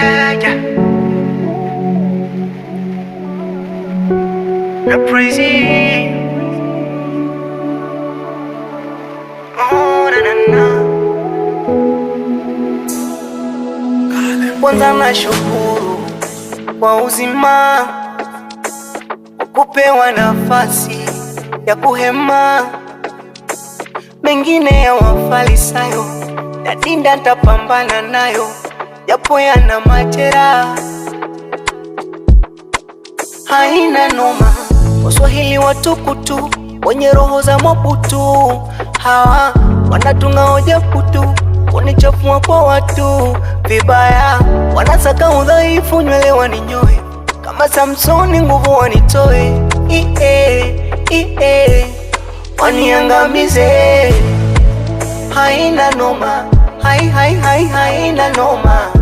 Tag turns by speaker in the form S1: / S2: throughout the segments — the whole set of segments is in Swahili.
S1: daraja na praise oh, na, na, na. Kwanza na shukuru kwa uzima kupewa nafasi ya kuhema mengine ya wafalisayo na dinda ntapambana nayo japo yana majeraha, haina noma. Waswahili watukutu wenye roho za mabutu, hawa wanatunga hoja kutu kunichafua kwa watu vibaya, wanasaka udhaifu, nywele waninyoe kama Samsoni, nguvu wanitoe, ie ie, waniangamize, haina noma, hai hai hai, haina noma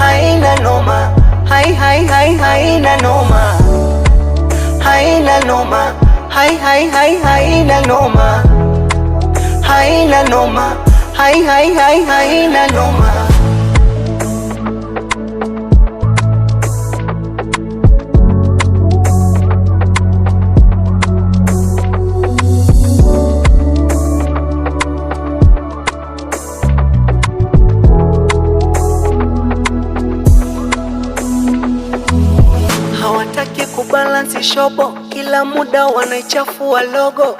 S1: haina noma, hai hai hai haina noma, haina noma, hai hai hai haina noma, haina noma, hai hai hai haina noma. balance shobo, kila muda wanaichafua logo,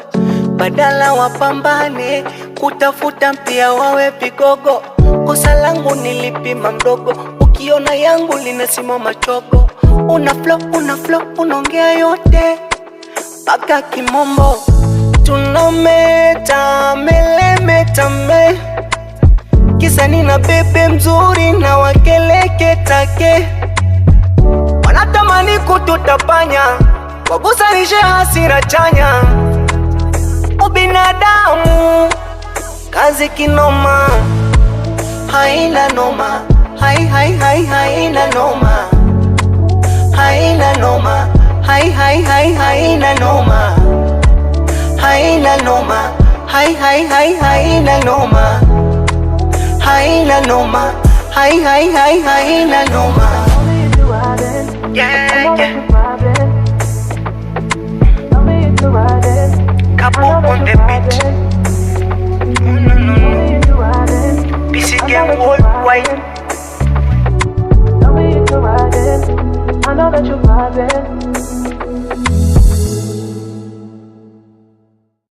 S1: badala wapambane kutafuta mpia wawe vigogo. Kosa langu nilipima mdogo, ukiona yangu linasimama chogo. Una flow, una flow, unaongea yote paka kimombo, tunameta melemetame kisa nina bebe mzuri na wakeleke take wanatamani tutapanya wagusanishe hasira chanya, ubinadamu kazi kinoma, haina noma, hai hai hai haina noma, haina noma, hai hai hai haina noma, haina noma, hai hai hai haina noma, haina noma, hai hai hai haina noma Tell me it's arriving. I know that you're vibing.